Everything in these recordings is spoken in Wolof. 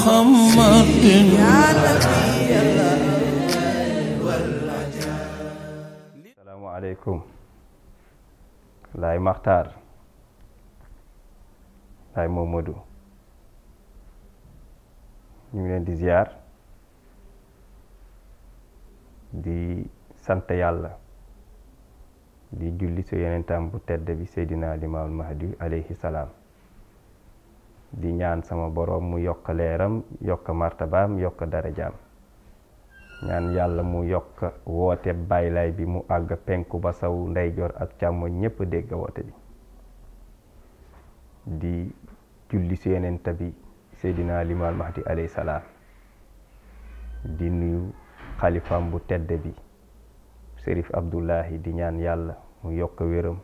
محمد السلام عليكم لاي مختار لاي ñu ngi leen di ziar di sant yàlla di julli su yeneen tam bu tedd bi Seydina Limaamul Mahdi alayhi salaam di ñaan sama borom mu yok leeram yok martabam yok darajam ñaan yalla mu yok wote baylay bi mu ag penku ba saw jor ak càmmoñ ñepp degg wote bi di julli seenen tabi sayidina limal mahdi alayhi Salam di nuyu xalifaam bu tedde bi serif abdullahi di ñaan yalla mu yok wéram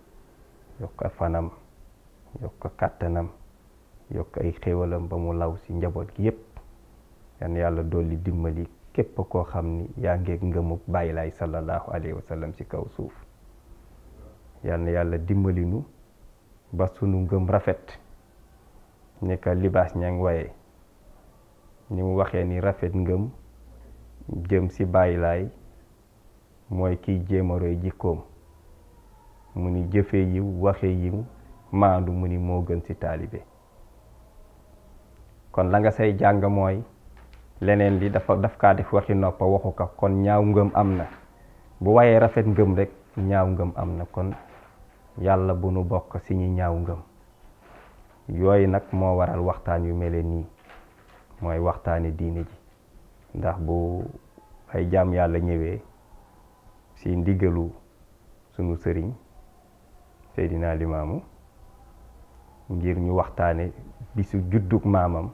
yok fanam yok Katanam yokk ay xéewalam ba mu law ci njaboot gi yépp yan yàlla dolli dimbali képp koo xam ni yaa ngeeg ngëmug bàyyi laay sallallahu alayhi ci kaw suuf yan yàlla dimbali nu ba sunu ngëm rafet nekk ka libaas ñang waye ni mu waxee ni rafet ngëm jëm ci bàyyi mooy kiy jéemaroy jikkoom mu ni jëfe yiw waxe yiw maandu mu ni moo gën ci taalibe kon la nga say jang moy leneen li dafa daf ka def waxi nopp waxu kon ñaaw ngeum amna bu waye rafet ngeum rek ñaaw ngeum amna kon yalla bu nu bok ci ñi ñaaw ngeum yoy nak mo waral waxtaan yu mele ni moy waxtaane diine ji ndax bu ay jam yalla ñewé ci ndigelu sunu sëriñ sayidina limamu ngir ñu waxtaane bisu judduk maamam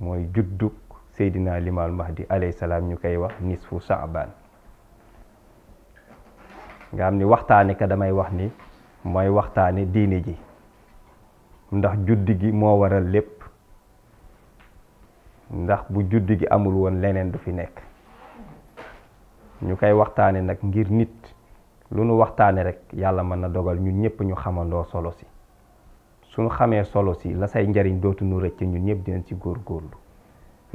moy judduk sayidina limal mahdi alayhi salam ñukay wax nisfu sa'ban nga xam ni waxtaane ka damay wax ni moy waxtaane diine ji ndax juddi gi mo waral lepp ndax bu juddi gi amul won leneen du fi nek ñukay nak ngir nit lu nu rek yalla mën na dogal ñun ñepp ñu xamando solo si suñu xamee solo si la say njariñ dootuñu rëcc ñun ñëpp dinañ si góorgóorlu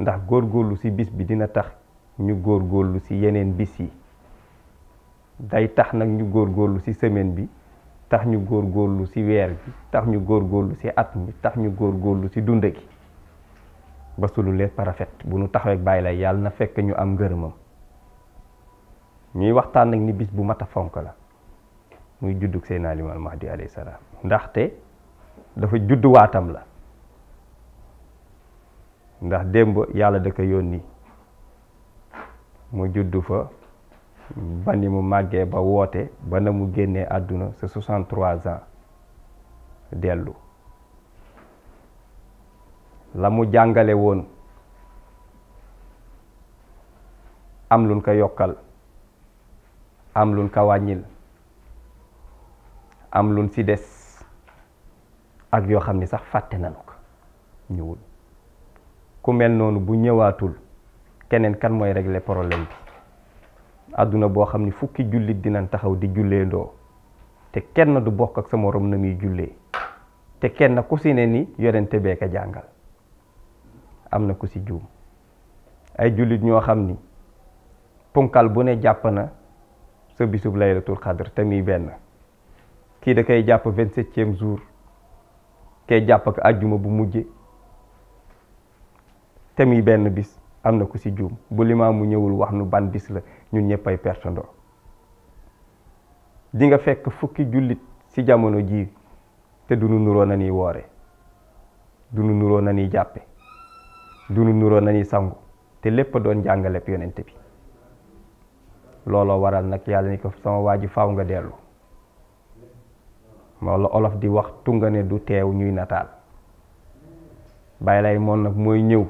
ndax góorgóorlu si bis bi dina tax ñu góorgóorlu si yeneen bis yi day tax nag ñu góorgóorlu si semaine bi tax ñu góorgóorlu si weer bi tax ñu góorgóorlu si at mi tax ñu góorgóorlu si dund gi ba sulu parafet bu nu taxawee bàyyi la yàlla na fekk ñu am ngërëmam ñuy waxtaan nag ni bis bu mat a fonk la muy juddug Mahdi alayhi salaam ndaxte dafa judduwaatam la ndax démb yàlla da ko yónni mu juddu fa ba ni mu màggee ba woote ba na mu génnee àdduna sa 63 ans dellu la mu jàngale woon am luñ ko yokkal am luñ ko wàññil am luñ ci des ak yo xamni ni sax faté nañu ko ñewul ku mel nonu bu ñewatul kenen kan moye régler problème bi aduna bo xamni ni fukki jullit dinañ taxaw di julleendoo te kenn du bokk ak sa morom na mi jullee te kenn ku si ni yonente be ka jangal am ku si joom ay jullit ño xamni ni bu ne japp na sa bisub laylatul qadr tammi ben ki da kay japp 27e jour kee jàpp ak àjjuma bu mujje te muy benn bis am na ku ci juum bu limaam mu ñëwul wax nu ban bis la ñun ñëpp ay pertandoo di nga fekk fukki jullit ci jamono jii te dunu nuroo na ni woore dunu nuroo na ni jàppe dunu nuroo na ni sangu te lépp doon jàngale yonent bi looloo waral nag yàlla ni ko sama waa ji faw nga dellu wala olof di wax tunga ne du teew ñuy natal bay lay mon nak moy ñew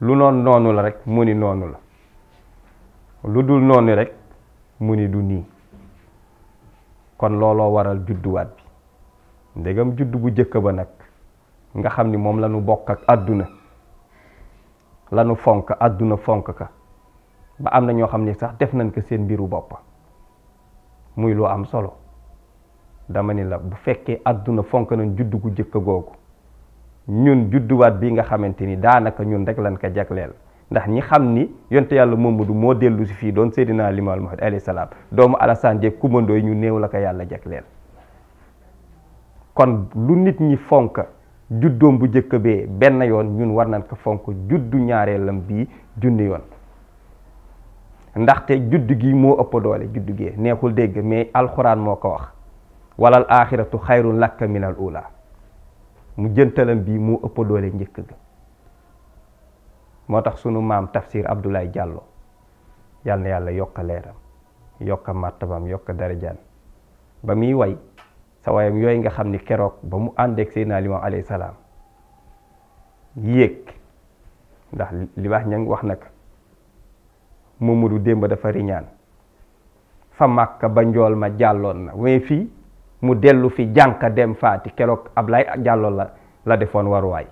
lu non nonu la rek muni nonu la lu dul nonu rek muni du ni kon lolo waral wat bi ndegam juddu bu jekk ba nak nga xamni mom lañu bok ak aduna lañu fonk aduna fonk ka ba am na ñoo sax def nañ ko seen biru bop muy lu am solo dama ni la bu fekkee àdduna fonk nañ juddu gu jëkk googu ñun judduwaat bii nga xamante ni daanaka ñun rek lañ ko jagleel ndax ñi xam ni yonte yàlla Mamadu moo dellusi fii doon Seydina Limaal Mahdi alayhi doomu Alassane Dieng kumandoo yi ñu néew la ko yàlla jagleel kon lu nit ñi fonk juddoom bu jëkk bee benn yoon ñun war nañ ko fonk juddu ñaareelam bii junni yoon ndaxte judd gi moo ëpp doole judd gee neexul dégg mais alxuraan moo ko wax walal axiratu xayrun lakka minal ula mu jëntalam bii mu ëpp doole njëkk ga moo tax sunu maam tafsir Abdoulaye Diallo yal na yàlla yokk leeram yokk màttabam yokk darajaan ba muy way sa wayam yooyu nga xam ni keroog ba mu àndeek Seydina Limaamu alayhi salaam yéeg ndax li baax ña ngi wax nag Momadou démb dafa riñaan fa màkk ba njool ma jàlloon na waaye fii mu dellu fi jànka dem faati keroog Ablaye jàlloo la la defoon waruwaay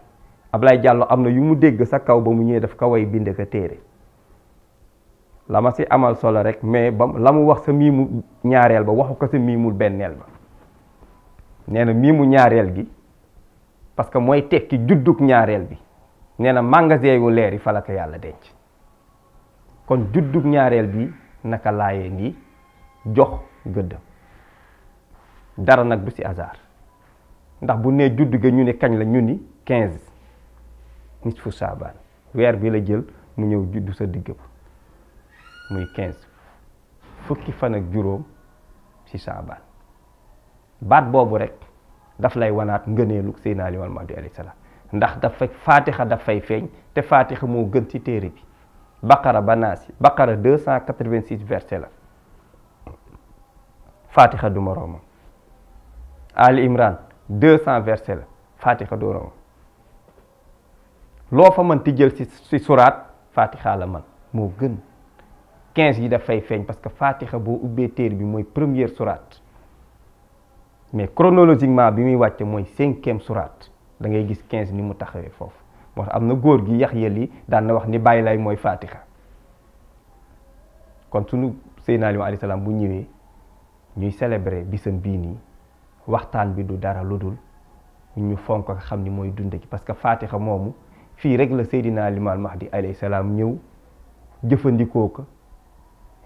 Ablaye jàlloo am na yu mu dégg sa kaw ba mu ñëwee daf ko way bind ko téere la ma si amal solo rek mais ba la mu wax sa miimu ñaareel ba waxu ko sa miimul benneel ba nee na miimu ñaareel gi parce que mooy tekki juddug ñaareel bi nee na magasin yu leer yi fa yàlla denc kon juddug ñaareel bi naka laayee ngi jox gëdd dara nag du si hasard ndax bu nee judd ga ñu ne kañ la ñu ni quinze nit fu saabaan weer bi la jël mu ñëw juddu sa digg ba muy quinze fukki fan ak juróom ci saabaan baat boobu rek daf lay wanaat ngëneelu Seydina Ali Muhammadu alayhi salaam ndax dafay faatixa daf feeñ te faatixa moo gën ci téere bi baqara ba naasi baqara deux la faatixa du moroomam Ali Imran deux cent versets la fatixa dooramu loo fa mën ti jël si si suraat fatixa la man moo gën quinze yi dafay feeñ parce que fatixa boo ubbee téere bi mooy première suraat mais chronologiquement bi muy wàcce mooy cinquième suraat da ngay gis quinze ni mu taxawee foofu moo tax am na góor gi yax yël yi daan na wax ni bàyyi lay mooy fatixa kon sunu Seydina Limaamu alayhi bu ñëwee ñuy célébrer bisam bii nii waxtaan bi du dara lu dul ñu fonk ko xam ni mooy dund gi parce que faatixa moomu fii rek la Seydina max di alayhi salaam ñëw jëfandikoo ko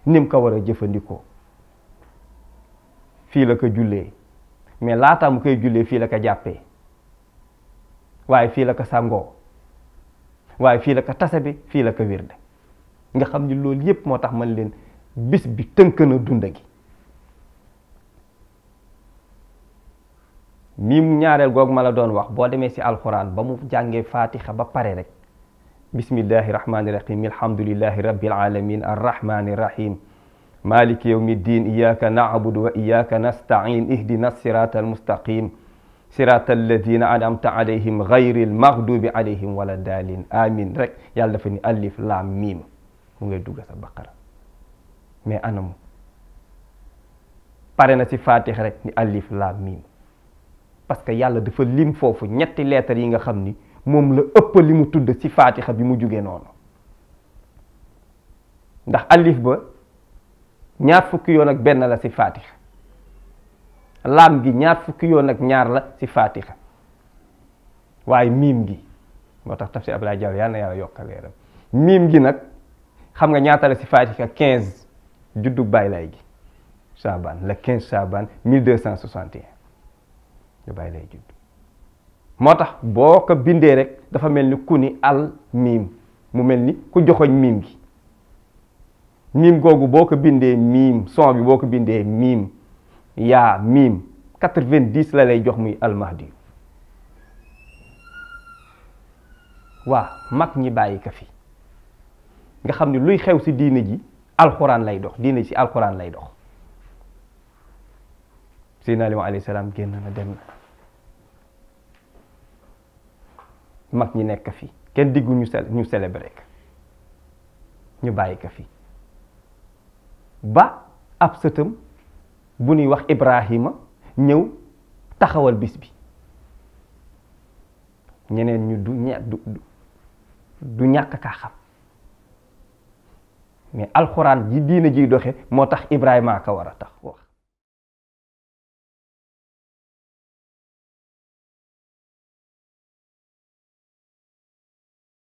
nim mu ko war a jëfandikoo fii la ko jullee mais laataa mu koy jullee fii la ko jàppee waaye fii la ko sàngoo waaye fii la ko tase bi fii la ko wirde nga xam ni loolu yépp moo tax man leen bis bi tënk na dund gi miim ñaareel googu ma la doon wax boo demee si alxuraan ba mu jàngee faatixa ba pare rek bismillahi rahmaani rahim alhamdulillahi rabbil alamin arrahmani rahim maliki yawmi ddin iyaka naabudu wa iyaka nastain ihdina sirata almustaqim sirata alladina anamta alayhim gayri almaghdubi alayhim wala daalin amin rek yàlla dafa ni alif laam miim mu ngay dugg sa baqara mais anamu pare na si faatix rek ni alif laam miim parce que yàlla dafa lim foofu ñetti leetar yi nga xam ni moom la ëpp li mu tudd ci faatixa bi mu jugee noonu ndax alif ba ñaar fukki yoon ak benn la ci faatixa laam gi ñaar fukki yoon ak ñaar la ci faatixa waaye miim gi moo tax tafsir si Diallo yal na yàlla yokk leeram miim gi nag xam nga ñaata la ci faatixa quinze juddu bàyyi lay gi Chaban le quinze Chaban mille deux cent soixante ñu moo tax boo ko bindee rek dafa mel ni ku ni al miim mu mel ni ku joxoñ miim gi miim googu boo ko bindee miim son bi boo ko bindee miim yaa miim quatre-vingt-dix la lay jox muy almahdi waa mag ñi bàyyi ko fi nga xam ni luy xew si diine ji alxuraan lay dox diine ji si alxuraan lay dox سيدنا علي عليه السلام جننا دم ما كني نك في كن ديغو نيو سيل نيو سيليبريك نيو باي كفي با اب ستم بوني واخ ابراهيم نيو تخاول بيس بي ñeneen ñu du ñe du du ñàkk kaa xam mais alxuraan ji diine ji doxe moo tax ibrahima ka war a tax wax